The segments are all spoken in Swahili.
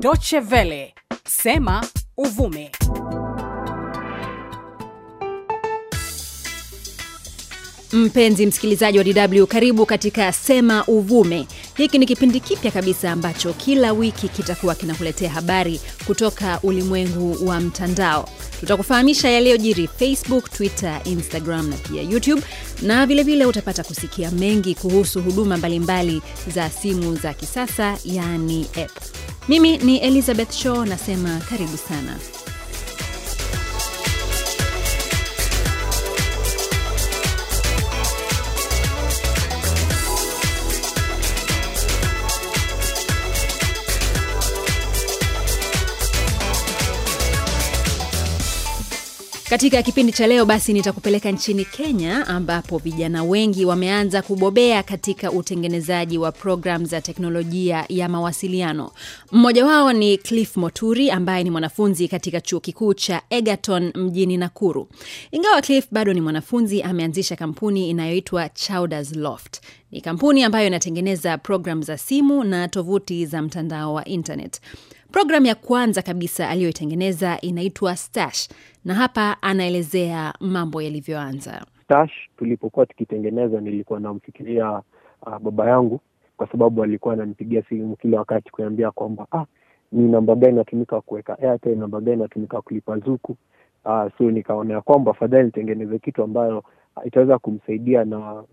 Deutsche Welle, sema uvume. Mpenzi msikilizaji wa DW, karibu katika Sema Uvume. Hiki ni kipindi kipya kabisa ambacho kila wiki kitakuwa kinakuletea habari kutoka ulimwengu wa mtandao. Tutakufahamisha yaliyojiri Facebook, Twitter, Instagram na pia YouTube, na vilevile vile utapata kusikia mengi kuhusu huduma mbalimbali mbali za simu za kisasa, yaani app. Mimi ni Elizabeth Shaw nasema karibu sana. Katika kipindi cha leo basi nitakupeleka nchini Kenya ambapo vijana wengi wameanza kubobea katika utengenezaji wa programu za teknolojia ya mawasiliano. Mmoja wao ni Cliff Moturi ambaye ni mwanafunzi katika chuo kikuu cha Egerton mjini Nakuru. Ingawa Cliff bado ni mwanafunzi, ameanzisha kampuni inayoitwa Chowders Loft. Ni kampuni ambayo inatengeneza programu za simu na tovuti za mtandao wa internet. Programu ya kwanza kabisa aliyoitengeneza inaitwa Stash, na hapa anaelezea mambo yalivyoanza. Stash tulipokuwa tukitengeneza, nilikuwa namfikiria uh, baba yangu kwa sababu alikuwa ananipigia simu kila wakati kuniambia kwamba ah, ni namba gani inatumika kuweka airtime, namba gani inatumika kulipa zuku. Uh, so nikaona ya kwamba afadhali nitengeneze kitu ambayo itaweza kumsaidia na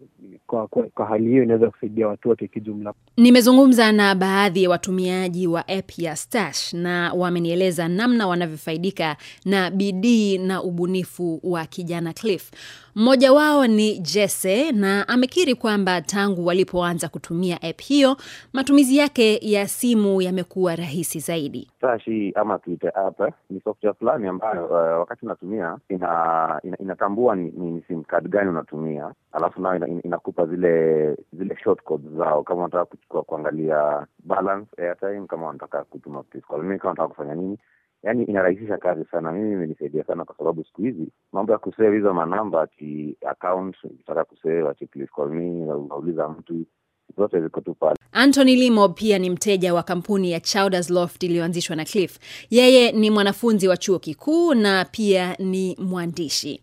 kwa, kwa, kwa hali hiyo inaweza kusaidia watu wote kijumla. Nimezungumza na baadhi ya watumiaji wa app ya Stash na wamenieleza namna wanavyofaidika na bidii na ubunifu wa kijana Cliff. Mmoja wao ni Jesse na amekiri kwamba tangu walipoanza kutumia app hiyo matumizi yake ya simu yamekuwa rahisi zaidi. Stash ama tuite app ni software fulani ambayo uh, wakati unatumia ina, ina, ni, ni, ni simu kadi gani unatumia, alafu nayo ina, inakupa zile zile short zao, kama unataka kuchukua kuangalia balance airtime, kama unataka kutuma mimi, kama unataka kufanya nini Yaani inarahisisha kazi sana. Mimi imenisaidia sana kwa sababu siku hizi mambo ya kusave hizo manamba ati account, ukitaka kusave ati please call me, unauliza mtu zote ziko tu pale. Anthony Limo pia ni mteja wa kampuni ya Chowders Loft iliyoanzishwa na Cliff. Yeye ni mwanafunzi wa chuo kikuu na pia ni mwandishi.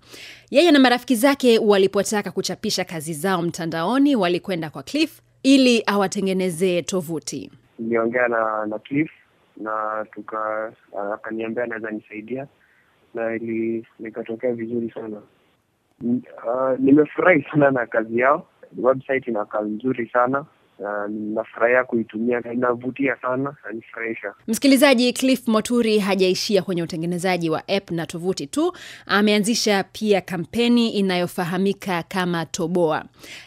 Yeye na marafiki zake walipotaka kuchapisha kazi zao mtandaoni, walikwenda kwa Cliff ili awatengenezee tovuti. Niliongea na na Cliff na tuka uh, akaniambia anaweza nisaidia na ili nikatokea vizuri sana. Uh, nimefurahi sana na kazi yao website inakaa nzuri sana na nafurahia kuitumia na inavutia sana na Msikilizaji, Cliff Moturi hajaishia kwenye utengenezaji wa app na tovuti tu, ameanzisha pia kampeni inayofahamika kama Toboa.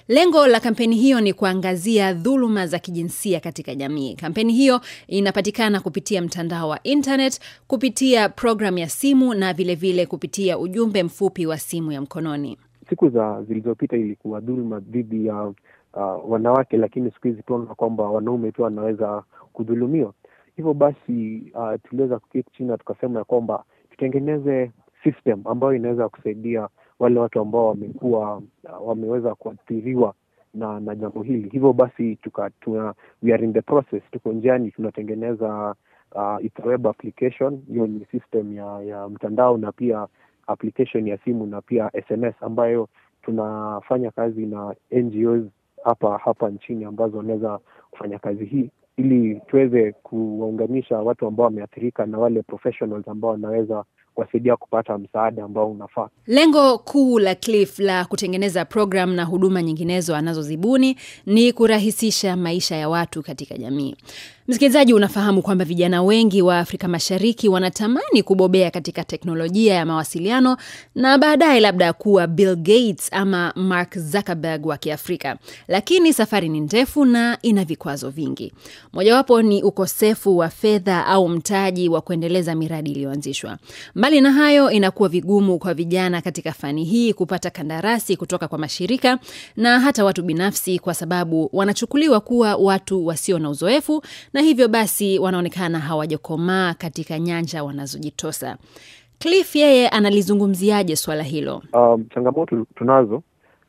Lengo la kampeni hiyo ni kuangazia dhuluma za kijinsia katika jamii. Kampeni hiyo inapatikana kupitia mtandao wa internet, kupitia programu ya simu na vilevile vile kupitia ujumbe mfupi wa simu ya mkononi siku za zilizopita ilikuwa dhuluma dhidi ya uh, wanawake, lakini siku hizi tunaona kwamba wanaume pia wanaweza kudhulumiwa. Hivyo basi uh, tuliweza kuketi chini na tukasema ya kwamba tutengeneze system ambayo inaweza kusaidia wale watu ambao wamekuwa uh, wameweza kuathiriwa na na jambo hili. Hivyo basi tuka, tuna, we are in the process, tuko njiani tunatengeneza uh, web application. Hiyo ni system ya ya mtandao na pia application ya simu na pia SMS ambayo tunafanya kazi na NGOs hapa hapa nchini ambazo wanaweza kufanya kazi hii ili tuweze kuwaunganisha watu ambao wameathirika na wale professionals ambao wanaweza kuwasaidia kupata msaada ambao unafaa. Lengo kuu la Cliff la kutengeneza programu na huduma nyinginezo anazozibuni ni kurahisisha maisha ya watu katika jamii. Msikilizaji, unafahamu kwamba vijana wengi wa Afrika Mashariki wanatamani kubobea katika teknolojia ya mawasiliano na baadaye labda kuwa Bill Gates ama Mark Zuckerberg wa Kiafrika, lakini safari ni ndefu na ina vikwazo vingi. Mojawapo ni ukosefu wa fedha au mtaji wa kuendeleza miradi iliyoanzishwa. Mbali na hayo, inakuwa vigumu kwa vijana katika fani hii kupata kandarasi kutoka kwa mashirika na hata watu binafsi, kwa sababu wanachukuliwa kuwa watu wasio na uzoefu, na hivyo basi wanaonekana hawajakomaa katika nyanja wanazojitosa. Cliff yeye analizungumziaje swala hilo? Um, changamoto tunazo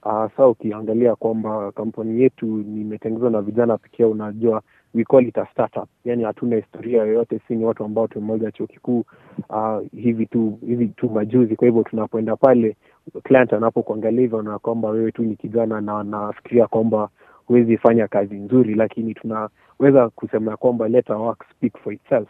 Uh, saa ukiangalia kwamba kampuni yetu nimetengenezwa na vijana pekee, unajua we call it a startup, yani hatuna historia yoyote, si ni watu ambao tumemaliza chuo kikuu uh, hivi tu hivi tu majuzi. Kwa hivyo tunapoenda pale, client anapokuangalia hivyo, na kwamba wewe tu ni kijana na anafikiria kwamba huwezi fanya kazi nzuri, lakini tunaweza kusema kwamba let our work speak for itself.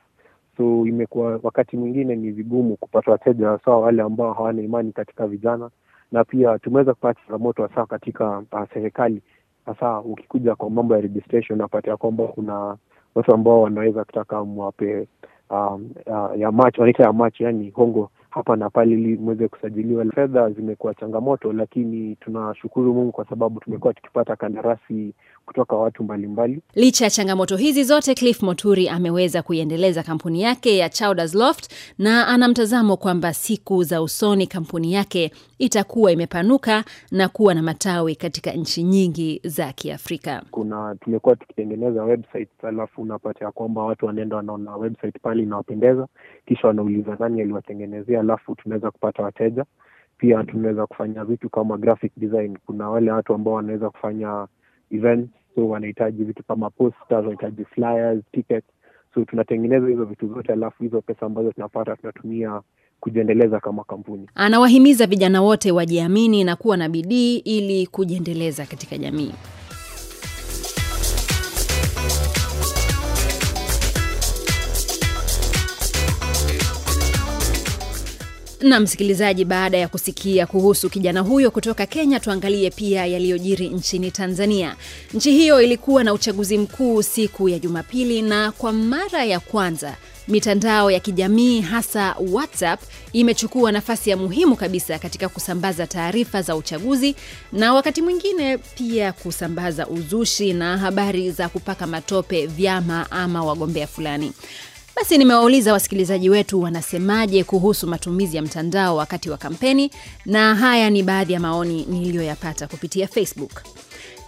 So imekuwa wakati mwingine ni vigumu kupata wateja, wasawa wale ambao hawana imani katika vijana, na pia tumeweza kupata changamoto wasawa katika uh, serikali Hasa ukikuja kwa mambo ya registration, unapata ya kwamba kuna watu ambao wanaweza kutaka mwape um, uh, ya macho wanaita ya macho, yani hongo hapa na pale ili mweze kusajiliwa. Fedha zimekuwa changamoto, lakini tunashukuru Mungu kwa sababu tumekuwa tukipata kandarasi kutoka watu mbalimbali mbali. Licha ya changamoto hizi zote, Cliff Moturi ameweza kuiendeleza kampuni yake ya Chowders Loft na ana mtazamo kwamba siku za usoni kampuni yake itakuwa imepanuka na kuwa na matawi katika nchi nyingi za Kiafrika. Kuna tumekuwa tukitengeneza website, alafu unapata ya kwamba watu wanaenda wanaona website pale inawapendeza, kisha wanauliza nani aliwatengenezea alafu tunaweza kupata wateja pia tunaweza kufanya vitu kama graphic design kuna wale watu ambao wanaweza kufanya events so wanahitaji vitu kama posters wanahitaji flyers tickets so tunatengeneza hizo vitu zote alafu hizo pesa ambazo tunapata tunatumia kujiendeleza kama kampuni anawahimiza vijana wote wajiamini na kuwa na bidii ili kujiendeleza katika jamii na msikilizaji, baada ya kusikia kuhusu kijana huyo kutoka Kenya, tuangalie pia yaliyojiri nchini Tanzania. Nchi hiyo ilikuwa na uchaguzi mkuu siku ya Jumapili, na kwa mara ya kwanza mitandao ya kijamii hasa WhatsApp imechukua nafasi ya muhimu kabisa katika kusambaza taarifa za uchaguzi na wakati mwingine pia kusambaza uzushi na habari za kupaka matope vyama ama wagombea fulani. Basi nimewauliza wasikilizaji wetu wanasemaje kuhusu matumizi ya mtandao wakati wa kampeni, na haya ni baadhi ya maoni niliyoyapata kupitia Facebook.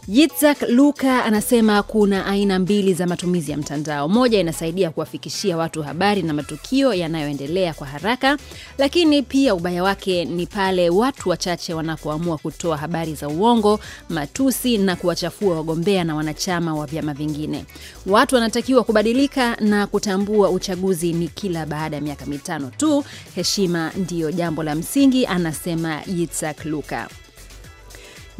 Yitzak Luka anasema kuna aina mbili za matumizi ya mtandao. Moja inasaidia kuwafikishia watu habari na matukio yanayoendelea kwa haraka, lakini pia ubaya wake ni pale watu wachache wanapoamua kutoa habari za uongo, matusi na kuwachafua wagombea na wanachama wa vyama vingine. Watu wanatakiwa kubadilika na kutambua uchaguzi ni kila baada ya miaka mitano tu. Heshima ndiyo jambo la msingi, anasema Yitzak Luka.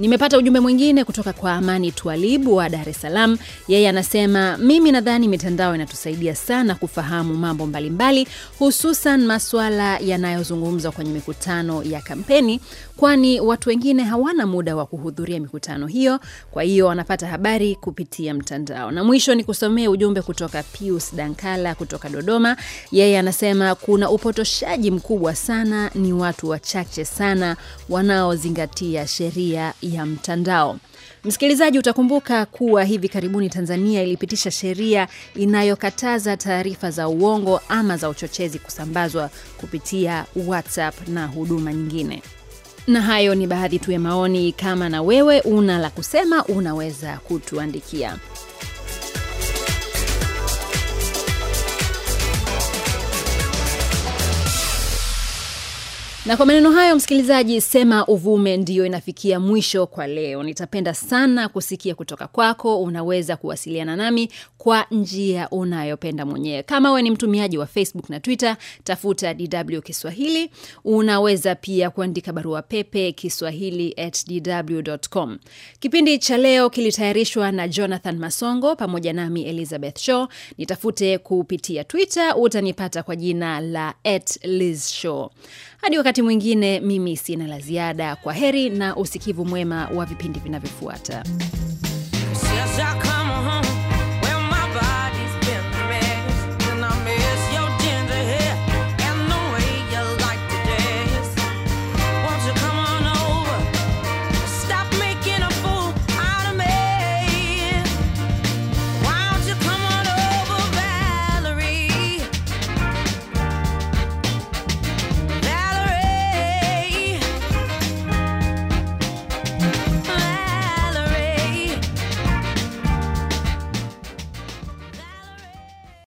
Nimepata ujumbe mwingine kutoka kwa Amani Twalibu wa Dar es Salaam. Yeye anasema mimi nadhani mitandao inatusaidia sana kufahamu mambo mbalimbali, hususan maswala yanayozungumzwa kwenye mikutano ya kampeni, kwani watu wengine hawana muda wa kuhudhuria mikutano hiyo, kwa hiyo wanapata habari kupitia mtandao. Na mwisho ni kusomee ujumbe kutoka Pius Dankala kutoka Dodoma. Yeye anasema kuna upotoshaji mkubwa sana, ni watu wachache sana wanaozingatia sheria ya mtandao. Msikilizaji, utakumbuka kuwa hivi karibuni Tanzania ilipitisha sheria inayokataza taarifa za uongo ama za uchochezi kusambazwa kupitia WhatsApp na huduma nyingine. Na hayo ni baadhi tu ya maoni. Kama na wewe una la kusema, unaweza kutuandikia. Na kwa maneno hayo, msikilizaji, Sema Uvume ndiyo inafikia mwisho kwa leo. Nitapenda sana kusikia kutoka kwako. Unaweza kuwasiliana nami kwa njia unayopenda mwenyewe. Kama we ni mtumiaji wa Facebook na Twitter, tafuta DW Kiswahili. Unaweza pia kuandika barua pepe kiswahili at dw.com. Kipindi cha leo kilitayarishwa na Jonathan Masongo pamoja nami Elizabeth Shaw. Nitafute kupitia Twitter, utanipata kwa jina la at Liz hadi wakati mwingine, mimi sina la ziada. Kwa heri na usikivu mwema wa vipindi vinavyofuata.